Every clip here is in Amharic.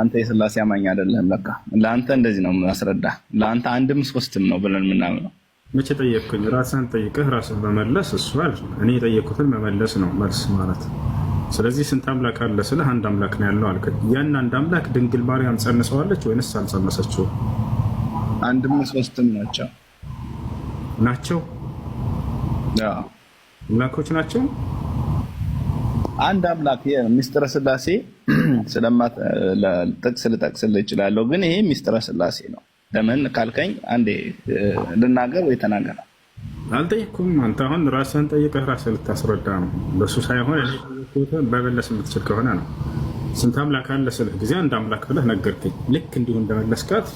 አንተ የስላሴ አማኝ አይደለም። ለካ ለአንተ እንደዚህ ነው የምናስረዳ። ለአንተ አንድም ሶስትም ነው ብለን የምናምነው መቼ ጠየቅኩኝ? ራስን ጠይቅህ ራስን በመለስ እሱ እኔ የጠየኩትን መመለስ ነው መልስ ማለት። ስለዚህ ስንት አምላክ አለ ስለ አንድ አምላክ ነው ያለው አልክ። ያን አንድ አምላክ ድንግል ማርያም ጸንሰዋለች ወይንስ አልጸነሰችውም? አንድም ሶስትም ናቸው ናቸው አምላኮች ናቸው አንድ አምላክ ሚስጥረ ስላሴ ጥቅስ ልጠቅስልህ እችላለሁ፣ ግን ይሄ ሚስጥረ ስላሴ ነው። ለምን ካልከኝ አንዴ ልናገር ወይ ተናገር። አልጠየኩም። አንተ አሁን ራስህን ጠይቀህ ራስህ ልታስረዳ ነው። በሱ ሳይሆን በመለስ የምትችል ከሆነ ነው። ስንት አምላክ አለ ስልህ ጊዜ አንድ አምላክ ብለህ ነገርከኝ። ልክ እንዲሁ እንደመለስካት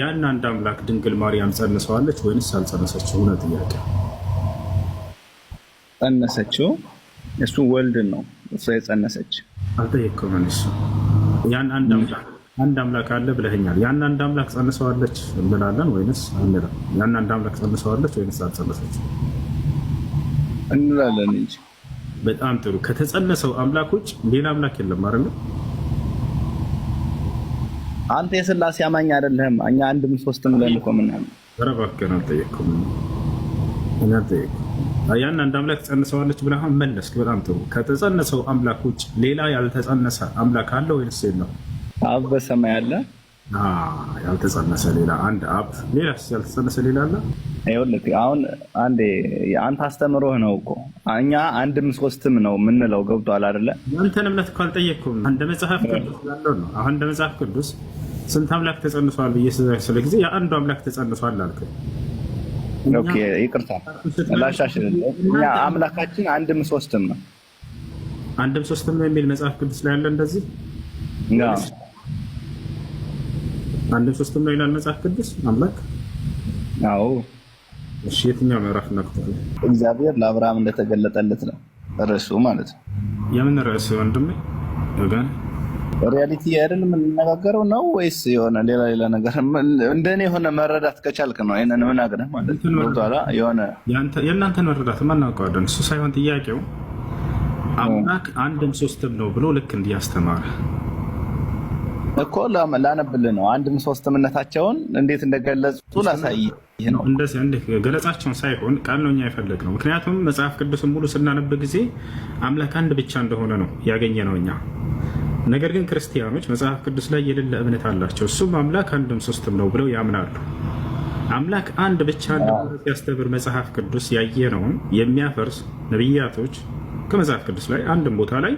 ያን አንድ አምላክ ድንግል ማርያም ጸንሰዋለች ወይንስ አልጸነሰችው? እውነት ጥያቄ ጸነሰችው። እሱ ወልድን ነው እሷ የጸነሰች። አልጠየቅኩም። እሱ ያን አንድ አምላክ አንድ አምላክ አለ ብለኸኛል። ያን አንድ አምላክ ጸንሰዋለች እንላለን ወይንስ አንላም? ያን አንድ አምላክ ጸንሰዋለች ወይንስ አልጸነሰች እንላለን እንጂ። በጣም ጥሩ። ከተጸነሰው አምላክ ውጭ ሌላ አምላክ የለም አይደለ? አንተ የስላሴ አማኝ አይደለህም። እኛ አንድም ሶስትም ብለን እኮ ምናምን። ኧረ እባክህን አልጠየቅኩም፣ እኔ አልጠየቅኩም ያን አንድ አምላክ ትጸንሰዋለች ብለህ አሁን መለስክ። በጣም ጥሩ። ከተጸነሰው አምላክ ውጭ ሌላ ያልተጸነሰ አምላክ አለ ወይንስ የለውም? አብ በሰማይ አለ። ያልተጸነሰ ሌላ አንድ አብ፣ ሌላ ያልተጸነሰ ሌላ አለ? ይኸውልህ አሁን አንዴ አንተ አስተምሮህ ነው እኮ እኛ አንድም ሶስትም ነው የምንለው። ገብቷል አይደለ? ያንተን እምነት እኮ አልጠየቅኩም። እንደ መጽሐፍ ቅዱስ ያለው ነው። አሁን እንደ መጽሐፍ ቅዱስ ስንት አምላክ ተጸንሷል ብዬ ስለ ጊዜ የአንዱ አምላክ ተጸንሷል አልክ። ይቅርታ ላሻሽል። እኛ አምላካችን አንድም ሶስትም ነው፣ አንድም ሶስትም ነው የሚል መጽሐፍ ቅዱስ ላይ አለ እንደዚህ አንድም ሶስትም ነው ይላል መጽሐፍ ቅዱስ አምላክ። አዎ እሺ፣ የትኛው ምዕራፍ ነክቷል? እግዚአብሔር ለአብርሃም እንደተገለጠለት ነው ርዕሱ ማለት ነው። የምን ርዕስ ወንድሜ ወገን ሪያሊቲ አይደል የምንነጋገረው ነው ወይስ የሆነ ሌላ ሌላ ነገር? እንደኔ የሆነ መረዳት ከቻልክ ነው ይህንን ምናግነ ማለት የሆነ የእናንተን መረዳት ማናውቀዋለን። እሱ ሳይሆን ጥያቄው አምላክ አንድም ሶስትም ነው ብሎ ልክ እንዲያስተማረ እኮ ላነብልህ ነው። አንድም ሶስትምነታቸውን እንዴት እንደገለጹ ላሳይ ነው። ገለጻቸውን ሳይሆን ቃል ነው እኛ ነው። ምክንያቱም መጽሐፍ ቅዱስን ሙሉ ስናነብ ጊዜ አምላክ አንድ ብቻ እንደሆነ ነው ያገኘ ነው እኛ ነገር ግን ክርስቲያኖች መጽሐፍ ቅዱስ ላይ የሌለ እምነት አላቸው። እሱም አምላክ አንድም ሶስትም ነው ብለው ያምናሉ። አምላክ አንድ ብቻ ሲያስተምር መጽሐፍ ቅዱስ ያየነውን የሚያፈርስ ነቢያቶች ከመጽሐፍ ቅዱስ ላይ አንድም ቦታ ላይ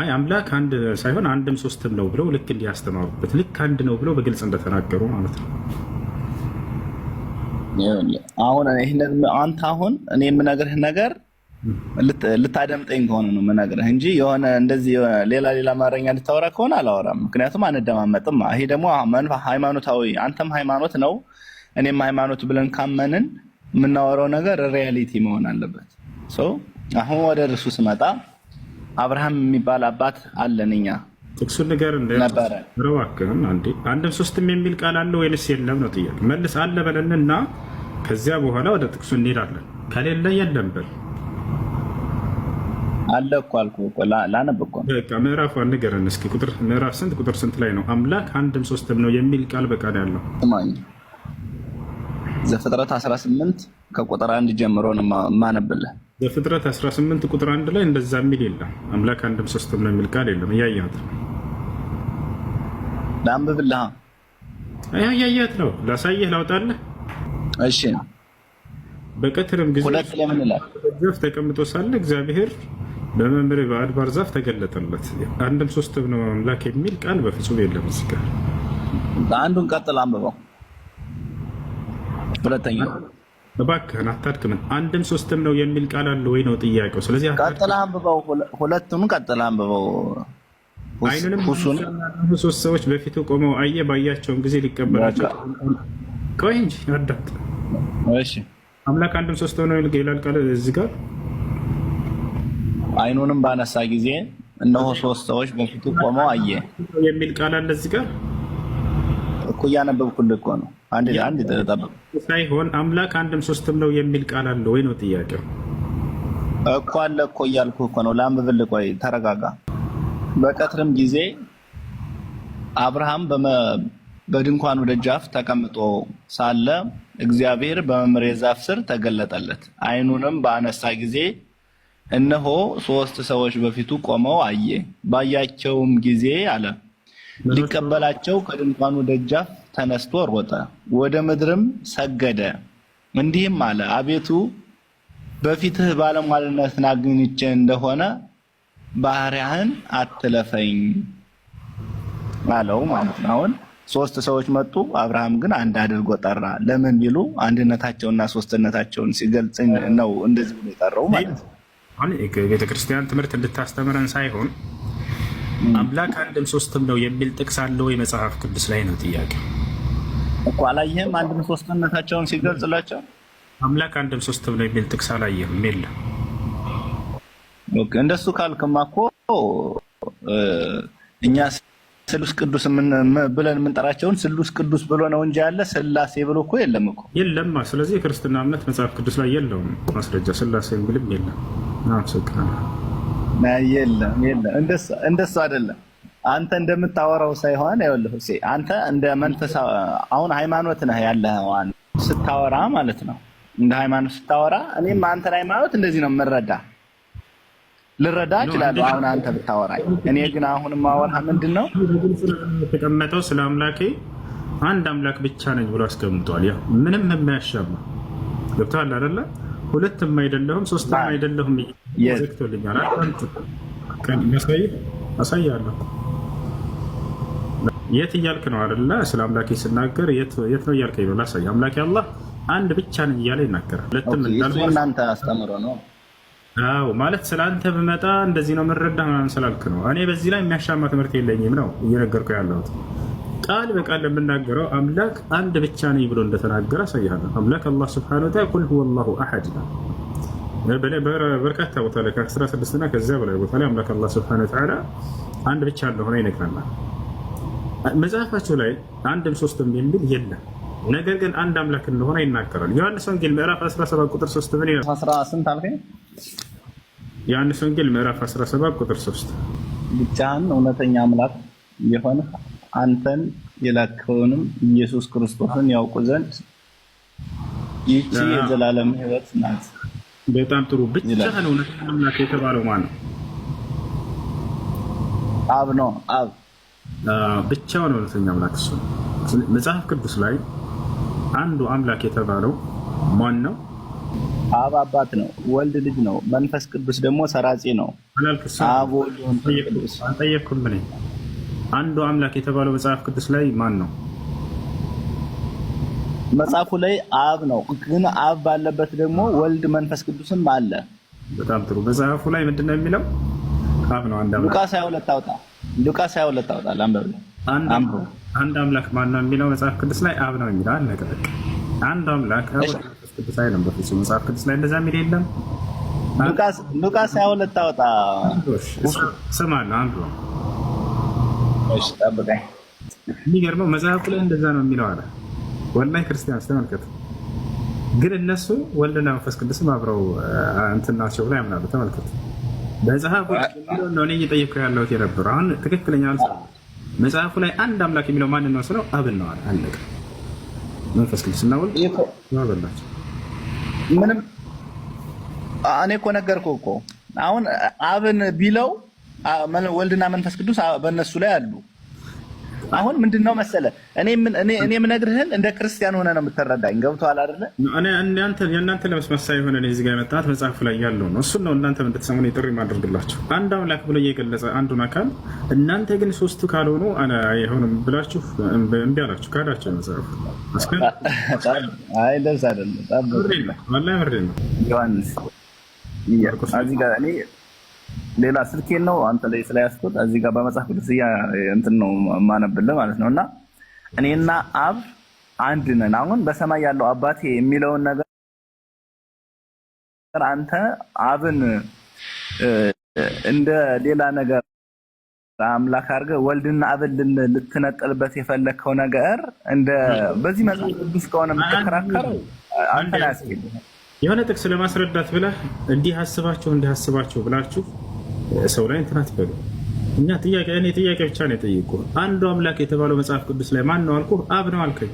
አይ አምላክ አንድ ሳይሆን አንድም ሶስትም ነው ብለው ልክ እንዲያስተማሩበት ልክ አንድ ነው ብለው በግልጽ እንደተናገሩ ማለት ነው። አሁን አንተ አሁን እኔ የምነግርህ ነገር ልታደምጠኝ ከሆነ ነው የምነግርህ እንጂ የሆነ እንደዚህ ሌላ ሌላ አማርኛ ልታወራ ከሆነ አላወራም። ምክንያቱም አንደማመጥም። ይሄ ደግሞ ሃይማኖታዊ፣ አንተም ሃይማኖት ነው እኔም ሃይማኖት ብለን ካመንን የምናወራው ነገር ሪያሊቲ መሆን አለበት። አሁን ወደ እርሱ ስመጣ አብርሃም የሚባል አባት አለን እኛ ነገር ንገርን ነበረ። እባክህን አንድም ሶስትም የሚል ቃል አለ ወይንስ የለም ነው ጥያቄ። መልስ አለ በለን እና ከዚያ በኋላ ወደ ጥቅሱ እንሄዳለን። ከሌለ የለም በል አለ እኮ አልኩህ ላነብ እኮ ምዕራፍ ንገረን እስኪ ቁጥር ምዕራፍ ስንት ቁጥር ስንት ላይ ነው አምላክ አንድም ሶስትም ነው የሚል ቃል በቃል ያለው ስማኝ ዘፍጥረት 18 ከቁጥር አንድ ጀምሮ ማነብልህ ዘፍጥረት 18 ቁጥር አንድ ላይ እንደዛ የሚል የለም አምላክ አንድም ሶስትም ነው የሚል ቃል የለም እያያት ለአንብብልህ እያያት ነው ላሳየህ ላውጣልህ እሺ በቀትርም ጊዜ ሁለት ለምን ይላል ተቀምጦ ሳለ እግዚአብሔር በመምሬ በአድባር ዛፍ ተገለጠለት። አንድም ሶስትም ነው አምላክ የሚል ቃል በፍጹም የለም። እዚህ ጋር አንዱን ቀጥል አንብበው። ሁለተኛው እባክህን አታድክምን። አንድም ሶስትም ነው የሚል ቃል አለ ወይ ነው ጥያቄው። ስለዚህ ቀጥል አንብበው፣ ሁለቱም ቀጥል አንብበው። አይንንም ሶስት ሰዎች በፊቱ ቆመው አየ። ባያቸውን ጊዜ ሊቀበላቸው ቆይ እንጂ አዳምጥ። አምላክ አንድም ሶስትም ነው ይላል ቃል እዚህ ጋር አይኑንም ባነሳ ጊዜ እነሆ ሶስት ሰዎች በፊቱ ቆመው አየ የሚል ቃል አለ እዚህ ጋር እኮ እያነበብኩልህ እኮ ነው። አንድ አንድ ሳይሆን አምላክ አንድም ሶስትም ነው የሚል ቃል አለ ወይ ነው ጥያቄው። እኮ አለ እኮ እያልኩ እኮ ነው። ለአንብብል ቆይ ተረጋጋ። በቀትርም ጊዜ አብርሃም በድንኳኑ ደጃፍ ተቀምጦ ሳለ እግዚአብሔር በመምሬ ዛፍ ስር ተገለጠለት። አይኑንም በአነሳ ጊዜ እነሆ ሶስት ሰዎች በፊቱ ቆመው አየ። ባያቸውም ጊዜ አለ፣ ሊቀበላቸው ከድንኳኑ ደጃፍ ተነስቶ ሮጠ፣ ወደ ምድርም ሰገደ፣ እንዲህም አለ፣ አቤቱ በፊትህ ባለሟልነትን አግኝቼ እንደሆነ ባሪያህን አትለፈኝ አለው ማለት ነው። አሁን ሶስት ሰዎች መጡ። አብርሃም ግን አንድ አድርጎ ጠራ። ለምን ቢሉ አንድነታቸውና ሶስትነታቸውን ሲገልጽ ነው እንደዚህ የጠራው ማለት ነው። ቤተክርስቲያን ትምህርት እንድታስተምረን ሳይሆን አምላክ አንድም ሶስትም ነው የሚል ጥቅስ አለው ወይ መጽሐፍ ቅዱስ ላይ ነው ጥያቄ እኮ አላየህም አንድም ሶስትነታቸውን ሲገልጽላቸው አምላክ አንድም ሶስትም ነው የሚል ጥቅስ አላየህም የለም እንደሱ ካልክማ እኮ እኛ ስሉስ ቅዱስ ብለን የምንጠራቸውን ስሉስ ቅዱስ ብሎ ነው እንጂ ያለ ስላሴ ብሎ እኮ የለም እኮ የለማ ስለዚህ የክርስትና እምነት መጽሐፍ ቅዱስ ላይ የለውም ማስረጃ ስላሴ ብልም የለም የለም የለም፣ እንደሱ አይደለም። አንተ እንደምታወራው ሳይሆን ይኸውልህ፣ አንተ እንደ መንፈሳ አሁን ሃይማኖት ነህ ያለኸው ስታወራ ማለት ነው። እንደ ሃይማኖት ስታወራ እኔም አንተን ሃይማኖት እንደዚህ ነው የምንረዳ ልረዳ እችላለሁ። አሁን አንተ ብታወራኝ፣ እኔ ግን አሁን ማወራ ምንድን ነው የተቀመጠው ስለ አምላኬ አንድ አምላክ ብቻ ነኝ ብሎ አስቀምጧል። ያ ምንም የማያሻማ ገብቶሃል አይደለ? ሁለትም አይደለሁም ሶስትም አይደለሁም ዘግቶልኛል። አሳያለሁ። የት እያልክ ነው አለ። ስለ አምላኬ ስናገር የት ነው እያልከኝ ነው? ላሳይ። አምላኬ አላህ አንድ ብቻ ነኝ እያለ ይናገራል። ሁለትም እናንተ አስተምሮ ነው አዎ ማለት ስለ አንተ ብመጣ እንደዚህ ነው የምንረዳ ምናምን ስላልክ ነው። እኔ በዚህ ላይ የሚያሻማ ትምህርት የለኝም ነው እየነገርኩ ያለሁት። ቃል በቃል ለምናገረው አምላክ አንድ ብቻ ነኝ ብሎ እንደተናገረ አሳያለሁ። አምላክ አላህ ስብሐነ ወተዓላ ቁል ሁወ አላሁ አሐድ በርካታ ቦታ ላይ ከ16 እና ከዚያ በላይ ቦታ ላይ አምላክ አላህ ስብሐነ ወተዓላ አንድ ብቻ እንደሆነ ይነግረናል። መጽሐፋቸው ላይ አንድም ሶስትም የሚል የለም። ነገር ግን አንድ አምላክ እንደሆነ ይናገራል። ዮሐንስ ወንጌል ምዕራፍ 17 ቁጥር 3 ምን ይላል? 18 ዮሐንስ ወንጌል ምዕራፍ 17 ቁጥር 3 ብቻህን እውነተኛ አምላክ የሆነ አንተን የላከውንም ኢየሱስ ክርስቶስን ያውቁ ዘንድ ይቺ የዘላለም ሕይወት ናት። በጣም ጥሩ ብቻ ነው አምላክ የተባለው ማን ነው? አብ ነው። አብ ብቻውን እውነተኛ አምላክ እሱ ነው። መጽሐፍ ቅዱስ ላይ አንዱ አምላክ የተባለው ማን ነው? አብ አባት ነው፣ ወልድ ልጅ ነው፣ መንፈስ ቅዱስ ደግሞ ሰራጺ ነው። አብ ወልድ ቅዱስ አንዱ አምላክ የተባለው መጽሐፍ ቅዱስ ላይ ማን ነው? መጽሐፉ ላይ አብ ነው። ግን አብ ባለበት ደግሞ ወልድ መንፈስ ቅዱስም አለ። በጣም ጥሩ። መጽሐፉ ላይ ምንድነው የሚለው? አብ ነው። አንድ አምላክ ሁለት 22 አውጣ። ሉቃስ 22 አውጣ። ላምበብ አንድ አምላክ ማን ነው የሚለው መጽሐፍ ቅዱስ ላይ አብ ነው የሚለው አለ። በቃ አንድ አምላክ አብ ቅዱስ አይልም። በፍጹም መጽሐፍ ቅዱስ ላይ እንደዛ የሚል የለም። ሉቃስ 22 አውጣ። ስማ ነው አንዱ የሚገርመው መጽሐፉ ላይ እንደዛ ነው የሚለው አለ። ወላሂ ክርስቲያንስ ተመልከት። ግን እነሱ ወልድና መንፈስ ቅዱስም አብረው እንትን ናቸው ብላ ያምናሉ። ተመልከት መጽሐፉ የሚለው ነው እኔ እየጠየኩ ያለሁት የነበረው አሁን ትክክለኛ አልሰ መጽሐፉ ላይ አንድ አምላክ የሚለው ማንን ነው ስለው አብን ነው አለ። አለቀ። መንፈስ ቅዱስ እና ወልድ ምንም እኔ እኮ ነገርኩህ እኮ አሁን አብን ቢለው ወልድና መንፈስ ቅዱስ በእነሱ ላይ አሉ። አሁን ምንድን ነው መሰለ እኔ እኔ የምነግርህን እንደ ክርስቲያን ሆነ ነው የምትረዳኝ። ገብቶሃል አይደለ? እኔ የእናንተ ለመስመሳይ የሆነ ነው እዚህ ጋር የመጣሁት መጽሐፉ ላይ ያለው ነው። እሱን ነው እናንተ እንድትሰሙ ጥሪ ማደርግላችሁ። አንድ አምላክ ብሎ እየገለጸ አንዱን አካል እናንተ ግን ሶስቱ ካልሆኑ አይሆንም ብላችሁ እምቢ አላችሁ፣ ካዳችሁ። መጽሐፉ አይ እንደዛ አይደለም። ጣም ነው ምሬ ነው ዮሐንስ እዚህ ጋር እኔ ሌላ ስልኬን ነው አንተ ላይ ስለያዝኩት እዚህ ጋር በመጽሐፍ ቅዱስ እያ እንትን ነው የማነብልህ ማለት ነው። እና እኔና አብ አንድ ነን። አሁን በሰማይ ያለው አባቴ የሚለውን ነገር አንተ አብን እንደ ሌላ ነገር አምላክ አድርገህ ወልድና አብን ልትነጥልበት የፈለግከው ነገር እንደ በዚህ መጽሐፍ ቅዱስ ከሆነ የምትከራከረው አንተ አያስኬድም። የሆነ ጥቅስ ለማስረዳት ብለህ እንዲህ አስባችሁ እንዲህ አስባችሁ ብላችሁ ሰው ላይ እንትን አትበሉ። እኛ ጥያቄ እኔ ጥያቄ ብቻ ነው የጠየኩህ። አንዱ አምላክ የተባለው መጽሐፍ ቅዱስ ላይ ማን ነው አልኩ? አብ ነው አልከኝ።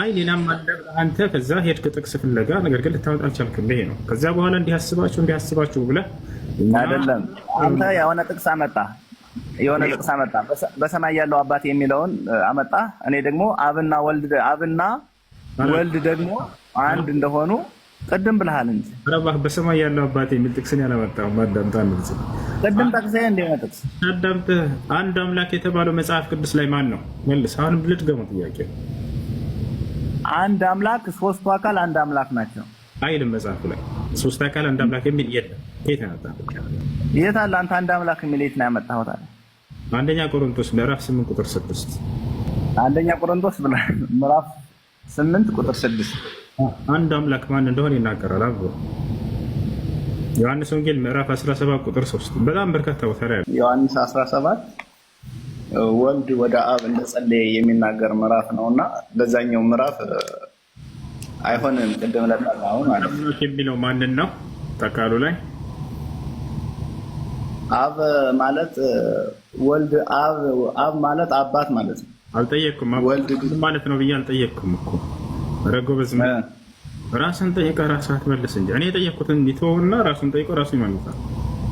አይ ሌላም አለ አንተ ከዛ ሄድክ ጥቅስ ፍለጋ፣ ነገር ግን ልታመጣ አልቻልክም። ይሄ ነው። ከዚያ በኋላ እንዲያስባችሁ እንዲያስባችሁ ብለ አይደለም አንተ የሆነ ጥቅስ አመጣ የሆነ ጥቅስ አመጣ በሰማይ ያለው አባት የሚለውን አመጣ። እኔ ደግሞ አብና ወልድ አብና ወልድ ደግሞ አንድ እንደሆኑ ቅድም ብልሃል እንጂ ረባህ በሰማይ ያለው አባቴ የሚል ጥቅስን ያለመጣሁም አዳምጠህ አንልጽ ቅድም ጠቅሰህ እንዲመጥቅስ አዳምጠህ አንድ አምላክ የተባለው መጽሐፍ ቅዱስ ላይ ማን ነው? መልስ። አሁን ልድገመው ጥያቄ አንድ አምላክ ሶስቱ አካል አንድ አምላክ ናቸው አይልም መጽሐፉ ላይ ሶስት አካል አንድ አምላክ የሚል የለም። የት ያመጣህ? የት አለ? አንተ አንድ አምላክ የሚል የት ነው ያመጣሁት? አለ አንደኛ ቆሮንቶስ ምዕራፍ ስምንት ቁጥር ስድስት አንደኛ ቆሮንቶስ ምዕራፍ ስምንት ቁጥር ስድስት አንድ አምላክ ማን እንደሆነ ይናገራል። አብ ዮሐንስ ወንጌል ምዕራፍ 17 ቁጥር 3 በጣም በርካታ ቦታ ላይ ዮሐንስ 17 ወልድ ወደ አብ እንደጸለየ የሚናገር ምዕራፍ ነው እና በዛኛው ምዕራፍ አይሆንም ቅድም ለጠላሁ ማለት ነው የሚለው ማንን ነው? ጠቃሉ ላይ አብ ማለት ወልድ አብ ማለት አባት ማለት ነው። አልጠየቅኩም ማለት ነው ብዬ አልጠየቅኩም እኮ ኧረ ራስን ጠይቀህ ራስህ አትመልስ እንጂ እኔ የጠየቅኩትን ይተወውና ራሱን ጠይቆ ራሱ ይመልሳል።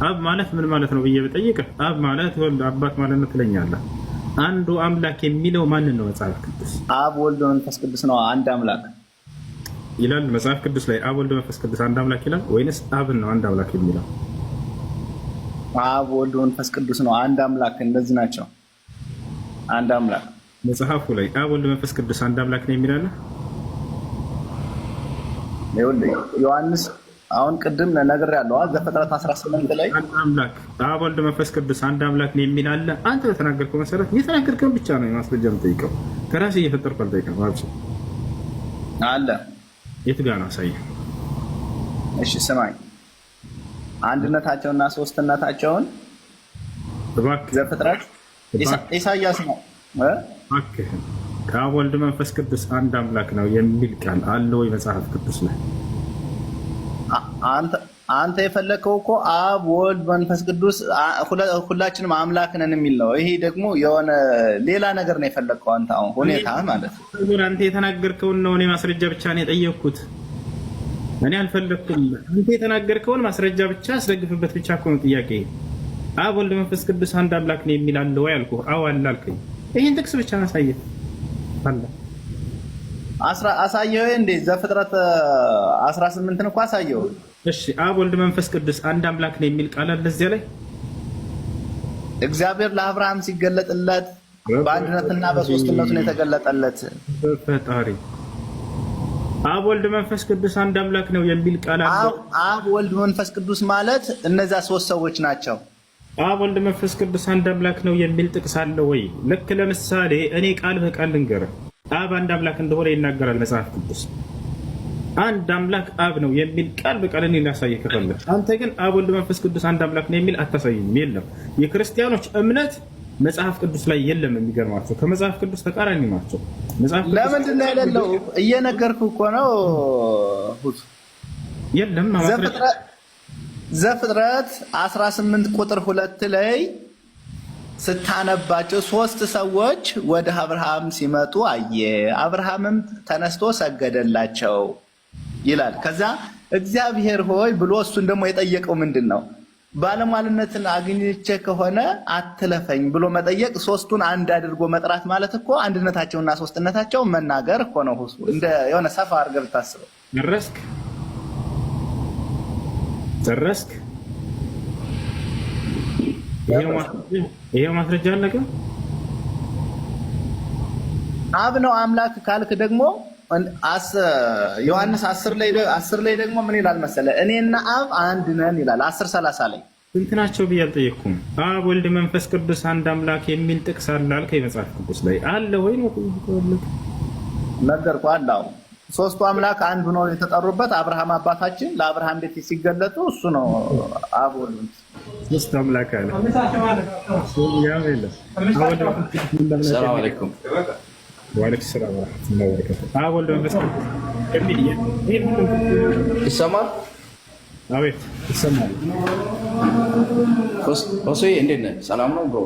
አብ ማለት ምን ማለት ነው ብዬ ብጠይቅህ አብ ማለት ወልድ አባት ማለት ነው ትለኛለህ። አንዱ አምላክ የሚለው ማንን ነው? መጽሐፍ ቅዱስ አብ ወልድ መንፈስ ቅዱስ ነው አንድ አምላክ ይላል። መጽሐፍ ቅዱስ ላይ አብ ወልድ መንፈስ ቅዱስ አንድ አምላክ ይላል ወይንስ አብን ነው አንድ አምላክ የሚለው? አብ ወልድ መንፈስ ቅዱስ ነው አንድ አምላክ፣ እንደዚህ ናቸው አንድ አምላክ። መጽሐፉ ላይ አብ ወልድ መንፈስ ቅዱስ አንድ አምላክ ነው የሚላለ ዮሐንስ አሁን ቅድም ነግሬሃለሁ። ዘፍጥረት 18 ላይ አንድ አምላክ አብ ወልድ መንፈስ ቅዱስ አንድ አምላክ ነው የሚል አለ። አንተ በተናገርከው መሰረት የተናገርከውን ብቻ ነው ማስረጃ የምጠይቀው። ከራሴ እየፈጠርኩ አልጠይቅም። አለ የት ጋር ነው አሳየህ። እሺ ስማኝ፣ አንድነታቸውና ሶስትነታቸውን ዘፍጥረት ኢሳያስ ነው ከአብ ወልድ መንፈስ ቅዱስ አንድ አምላክ ነው የሚል ቃል አለ ወይ መጽሐፍ ቅዱስ ላይ? አንተ የፈለከው እኮ አብ ወልድ መንፈስ ቅዱስ ሁላችንም አምላክ ነን የሚል ነው። ይሄ ደግሞ የሆነ ሌላ ነገር ነው የፈለግከው አንተ አሁን ሁኔታ ማለት ነው። አንተ የተናገርከውን ነው እኔ ማስረጃ ብቻ ነው የጠየቅኩት። እኔ አልፈለግኩም። አንተ የተናገርከውን ማስረጃ ብቻ አስደግፍበት ብቻ እኮ ነው ጥያቄ። አብ ወልድ መንፈስ ቅዱስ አንድ አምላክ ነው የሚል አለ ወይ አልኩ። አዎ አለ አልከኝ። ይህን ጥቅስ ብቻ ማሳየት አሳየው እንዴ ዘፍጥረት 18ን እኮ አሳየው። እሺ አብ ወልድ መንፈስ ቅዱስ አንድ አምላክ ነው የሚል ቃል አለ እዚያ ላይ እግዚአብሔር ለአብርሃም ሲገለጥለት በአንድነትና በሶስትነቱ ነው የተገለጠለት። በፈጣሪ አብ ወልድ መንፈስ ቅዱስ አንድ አምላክ ነው የሚል ቃል አለ። አብ ወልድ መንፈስ ቅዱስ ማለት እነዚያ ሶስት ሰዎች ናቸው። አብ ወልድ መንፈስ ቅዱስ አንድ አምላክ ነው የሚል ጥቅስ አለ ወይ? ልክ ለምሳሌ እኔ ቃል በቃል ልንገር፣ አብ አንድ አምላክ እንደሆነ ይናገራል መጽሐፍ ቅዱስ። አንድ አምላክ አብ ነው የሚል ቃል በቃል እኔ ላሳይ ከፈለ፣ አንተ ግን አብ ወልድ መንፈስ ቅዱስ አንድ አምላክ ነው የሚል አታሳይም። የለም የክርስቲያኖች እምነት መጽሐፍ ቅዱስ ላይ የለም። የሚገርማቸው ከመጽሐፍ ቅዱስ ተቃራኒ ናቸው። ለምንድን ነው የሌለው? እኮ ነው። የለም ዘፍጥረት 18 ቁጥር ሁለት ላይ ስታነባቸው ሶስት ሰዎች ወደ አብርሃም ሲመጡ አየ። አብርሃምም ተነስቶ ሰገደላቸው ይላል። ከዛ እግዚአብሔር ሆይ ብሎ እሱን ደግሞ የጠየቀው ምንድን ነው? ባለሟልነትን አግኝቼ ከሆነ አትለፈኝ ብሎ መጠየቅ ሶስቱን አንድ አድርጎ መጥራት ማለት እኮ አንድነታቸውና ሶስትነታቸው መናገር ሆነው እንደ የሆነ ሰፋ አድርገህ ብታስበው ጨረስክ? ይሄው ማስረጃ አለቀ። አብ ነው አምላክ ካልክ ደግሞ ዮሐንስ አስር ላይ ደግሞ ምን ይላል መሰለ? እኔና አብ አንድ ነን ይላል። አስር ሰላሳ ላይ ስንት ናቸው ብዬ አልጠየቅኩም። አብ ወልድ፣ መንፈስ ቅዱስ አንድ አምላክ የሚል ጥቅስ አለ አልከኝ መጽሐፍ ቅዱስ ላይ አለ ወይ? ነው ነገር አለ ሶስቱ አምላክ አንዱ ነው የተጠሩበት። አብርሃም አባታችን ለአብርሃም ቤት ሲገለጡ እሱ ነው አብ ሶስት አምላክ አለ። ሰላም አለይኩም ወአለይኩም ሰላም ወበረካቱ። አብ ወልድ መንፈስ ይሰማል? አቤት ይሰማል። ሆሴ እንዴት ነህ? ሰላም ነው ብሮ